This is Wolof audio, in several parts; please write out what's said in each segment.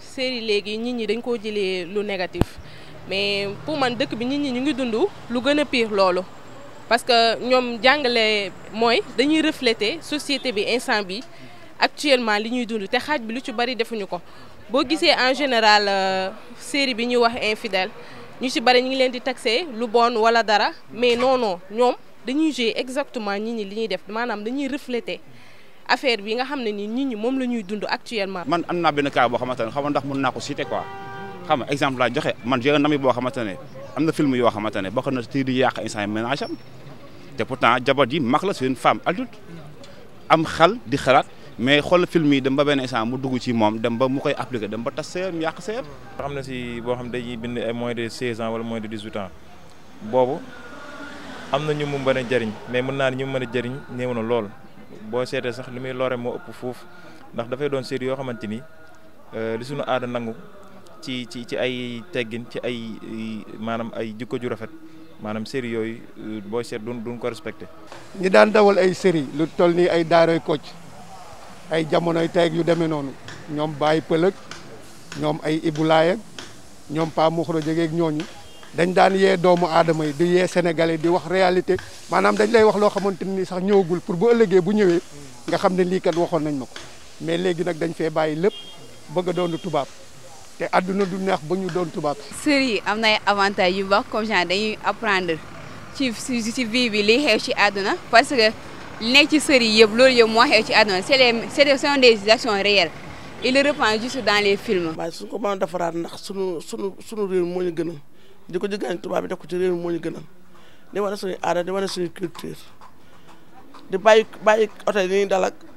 série léegi nit ñi dañ koo jëlee lu négatif mais pour man dëkk bi nit ñi ñu ngi dund lu gën a pire loolu parce que ñoom jàngale mooy dañuy refléter société bi instant bi actuellement li ñuy dund te xaaj bi lu ci bari defuñu ko boo gisee en général euh, série bi ñuy wax infidèle ñu ci bari ñu ngi leen di taxé lu bon walla dara mais noonoo ñoom dañuy jouer exactement nit ñi li ñuy def maanaam dañuy refléter affaire bi nga xam ne nii nit ñi moom la ñuy dund actuellement. man am naa benn cas boo xamante ne xam nga ndax mën naa ko cité quoi xam exemple joxe man j'ai un ami boo ne am na film yoo xamante ne bokk na ci di yàq instant yi ménage am te pourtant jabar ji mag la c'est une femme adulte am xel di xalaat. mais xool film dem ba benn instant mu dugg ci moom dem ba mu koy appliqué dem ba tas seeyam yàq seeyam. am na si boo xam dañuy bind ay moins de 16 ans wala moins de 18 ans boobu am na ñu mu mën a jëriñ mais mën naa ne ñu mën a jëriñ néew na lool. boo seetee sax li muy loore moo ëpp fuuf ndax dafay doon série yoo xamante ni euh, li suñu aada nangu ci ci ci ay teggin ci ay maanaam ay jikko ju rafet maanaam série yooyu euh, booy seet duñ duñ ko respecté. ñi daan dawal ay série lu toll nii ay daaroy kocc ay jamonoy tey yu demee noonu ñoom Baye Pëlëg ñoom ay Ibou Laye ñoom Pa Moukhra jegeeg ñooñu. dañ daan yee doomu aadama yi di yee sénégalais di wax réalité maanaam dañ lay wax loo xamante ni sax ñëwagul pour bu ëllëgee bu ñëwee nga xam ne lii kat waxoon nañ ma ko mais léegi nag dañ fee bàyyi lépp bëgg a doon tubaab te àdduna du neex ba ñu doon tubaab. série yi am na ay avantages yu baax comme genre dañuy apprendre ci ci vie bi li xew ci àdduna parce que li nekk ci série yëpp loolu yëpp moo xew ci àdduna c'est les c'est sont des actions réelles il reprend juste dans les films. waaye suñu sunu sunu sunu réew moo di ko jëggaani tubaab bi def ko ci réew mi moo ñu gënal di wane suñu aada di wane suñu culture di bàyyi bàyyi oto yi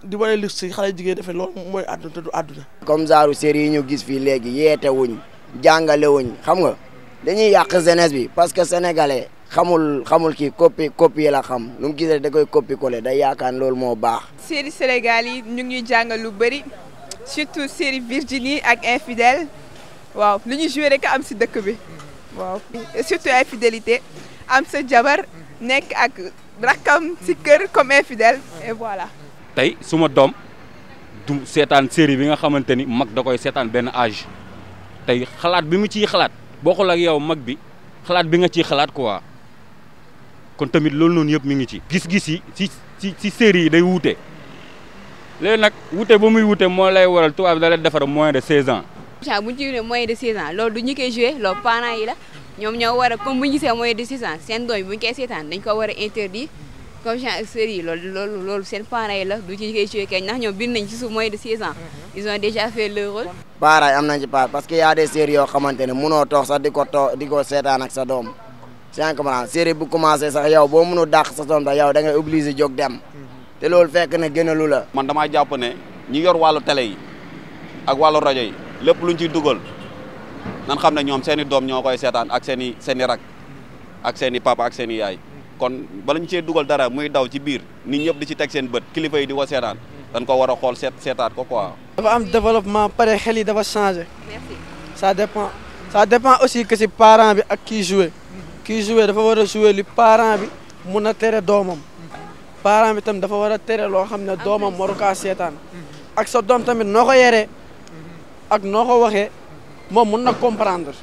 di wane lu si xale jigéen defee loolu mooy àdduna te du àdduna. comme genre série yi ñu gis fii léegi yeete wuñ jàngale wuñ xam nga dañuy yàq jeunesse bi parce que sénégalais xamul xamul kii copie copie la xam lu mu da koy copie coller day yaakaar loolu moo baax. série Sénégal yi ñu ngi ñuy lu bari surtout série Virginie ak Infidèles waaw lu ñu joué rek am si dëkk bi. waaw surtout infidélité am sa jabar nekk ak rakkam si kër comme infidèle et voilà. tey suma doom du seetaan série bi nga xamante ni mag da koy seetaan benn âge tey xalaat bi mu ciy xalaat bokkul ak yow mag bi xalaat bi nga ciy xalaat quoi kon tamit loolu noonu yëpp mu ngi ci. gis-gis yi si si si série yi day wuute léegi nag wuute ba muy wuute moo lay waral tubaab da lay defar moins de 16 ans. incha bu ñu ci ne moyen de 6 ans loolu du ñu koy joué loolu parents yi la ñoom ñoo war a comme bu ñu gisee moyen de 6 ans seen doom bu ñu koy seetaan dañ ko war a interdit comme genre série yi loolu loolu loolu seen parents yi la du ñu koy joué kenn ndax ñoom bind nañ ci suuf moyen de 6 ans mhm. ils ont déjà fait leur rôle. parents yi am nañ ci part parce que y a des séries yoo xamante ne munoo toog sax di ko toog di ko seetaan ak sa doom si nga comprendre série bu commencé sax yow boo mënul dàq sa doom sax yow da ngay obligé jóg dem te loolu fekk na gënalu la. man damaa jàpp ne ñi yor wàllu télé yi ak wàllu rajo yi. lépp luñ ciy dugal nan xam ne ñoom seeni i doom ñoo koy seetaan ak seen i rak ak seeni i papa ak seen i yaay kon bala ñu cee dugal dara muy daw ci biir ni ñëpp di ci teg seen bët kilifa yi di wa seetaan dañ ko war a xool seet seetaat ko quoi. dafa am développement pare xel yi dafa changé. merci ça dépend ça dépend aussi que parent bi ak kii joué. kii joué dafa war a joué li parent bi mun a tere doomam. parent bi tam dafa war a tere loo xam ne doomam waru seetaan. ak sa doom ak noo ko waxee moom mun na comprendre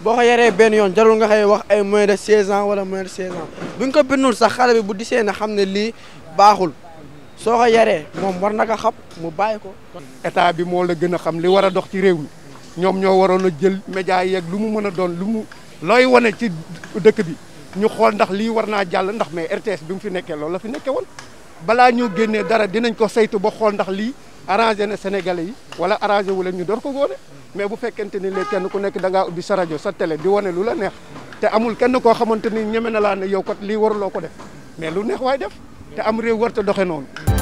boo ko yaree benn yoon jarul nga xëy wax ay moins de 16 ans wala moins de 16 ans bu ñu ko bindul sax xale bu disee ne xam ne lii baaxul soo ko yaree moom war na ko xam mu bàyyi ko. état bi moo la gën a xam li war a dox ci réew mi ñoom ñoo waroon a jël média yeeg lu mu mën a doon lu mu looy wane ci dëkk bi ñu xool ndax lii war naa jàll ndax mais RTS bi mu fi nekkee loolu la fi nekkee woon. balaa ñoo génnee dara dinañ ko saytu boo xool ndax lii arrangé na Sénégalais yi wala arrangé wu ñu door ko góone mais bu fekkente ni le kenn ku nekk da ngaa ubbi sa rajo sa télé di wane lu la neex te amul kenn koo xamante ni ñeme na laa ne yow kat lii waruloo ko def mais lu neex waay def te am réew warta doxe noonu